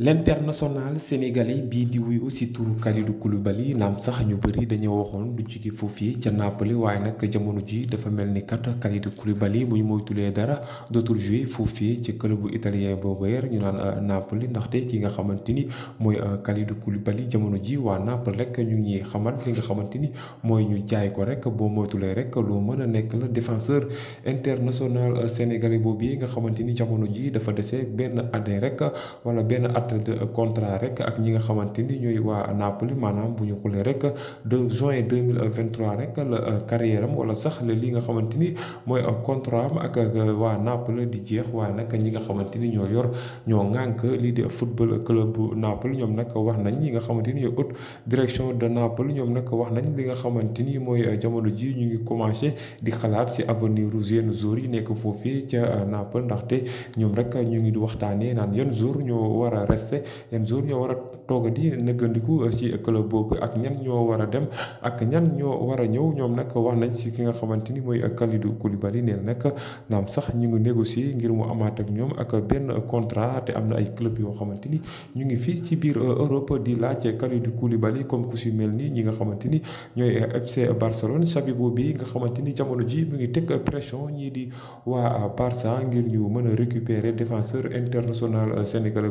l'international sénégalais bii di wuyu ci turu Kalidou Koulibaly naam sax ñu bëri dañoo waxoon du jóge foofii ca Napoli waaye nag jamono ji dafa mel ni kat Kalidou Koulibaly bu ñu moytulee dara dootul joué foofii ci club italien boobu ñu naan euh, Napoli ndaxte ki nga xamante ni mooy euh, Kalidou Koulibaly jamono ji waa Napoli rek ñu ngi xamal li nga xamante ni mooy ñu jaay ko rek boo moytulee rek loo mën a nekk la défenseur international euh, sénégalais boobu yi nga xamante ni jamono ji dafa dese benn année rek te de contrat rek ak ñi nga xamante ni ñooy waa Napoli maanaam bu ñu xoolee rek de juin deux mille rek la euh, carrière am wala sax li nga xamante ni mooy euh, contrat ak euh, waa Napoli di jeex waaye nag ñi nga xamante ni ñoo yor ñoo ŋànk lii de football club bu Napoli ñoom nag wax nañ ñi nga xamante ni direction de Napoli ñoom nag wax nañ li nga xamante ni mooy jamono ji ñu ngi commencé di xalaat si avenir u yenn yi nekk foofii ca Napoli ndaxte ñoom rek ñu ngi di waxtaanee naan yan joueurs ñoo war a RC yan jour ñoo war a toog di nëggandiku uh, ci club boobu ak ñan ñoo war a dem ak ñan ñoo war a ñëw ñoom nag wax nañ si ki nga xamante ni mooy uh, Kalidou Koulibaly nee na nag naam sax ñu ngi négocier ngir mu amaat ak ñoom ak benn contrat te am na ay club yoo xamante ni ñu ngi fii ci biir uh, Europe di laajte Kalidou Koulibaly comme ku si mel ni ñi nga xamante ni ñooy FC Barcelone Xavi boobu nga xamante ni jamono ji mu ngi teg pression ñii di waa Barça ngir ñu mën a récupérer défenseur international sénégalais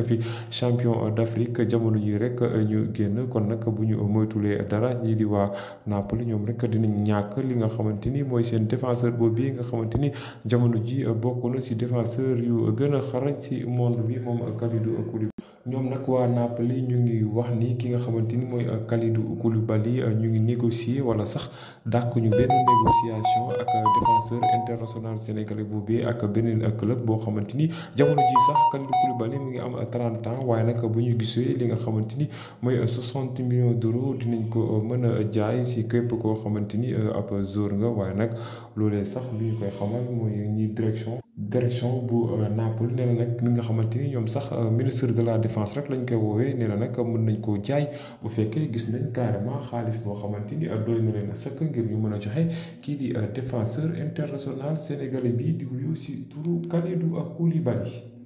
nekk fi champion d'Afrique jamono ji rek ñu génn kon nag bu ñu moytulee dara ñii di waa Napoli ñoom rek dinañ ñàkk li nga xamante ni mooy seen défenseur boo bi nga xamante ni jamono ji bokk na si défenseur yu gën a xarañ si monde bi moom Kalidou Koulibaly ñoom nag waa Napoli ñu ngi wax ni ki nga xamante ni mooy euh, Kalidou Koulibaly euh, ñu ngi négocier wala sax dàq ñu benn négociation ak euh, défenseur international sénégalais boobee ak beneen club boo xamante ni jamono ji sax Kalidou Koulibaly mu ngi am 30 ans waaye nag bu ñu gisee li nga xamante ni mooy 60 millions d'euros dinañ ko mën a jaay si képp koo xamante ni ab joueur nga waaye nag loolee sax lu ñu koy xamal mooy ñi direction. direction bu euh, Naples nee na nag mi nga xamante ni ñoom sax euh, ministre de la defence rek lañ koy woowee nee na nag mën nañ koo jaay bu fekkee gis nañ carrément xaalis boo xamante ni euh, doy na leen a sëkk ngir ñu mën a joxe kii di défenseur international sénégalais bii di wuyu si turu Kalidou Koulibaly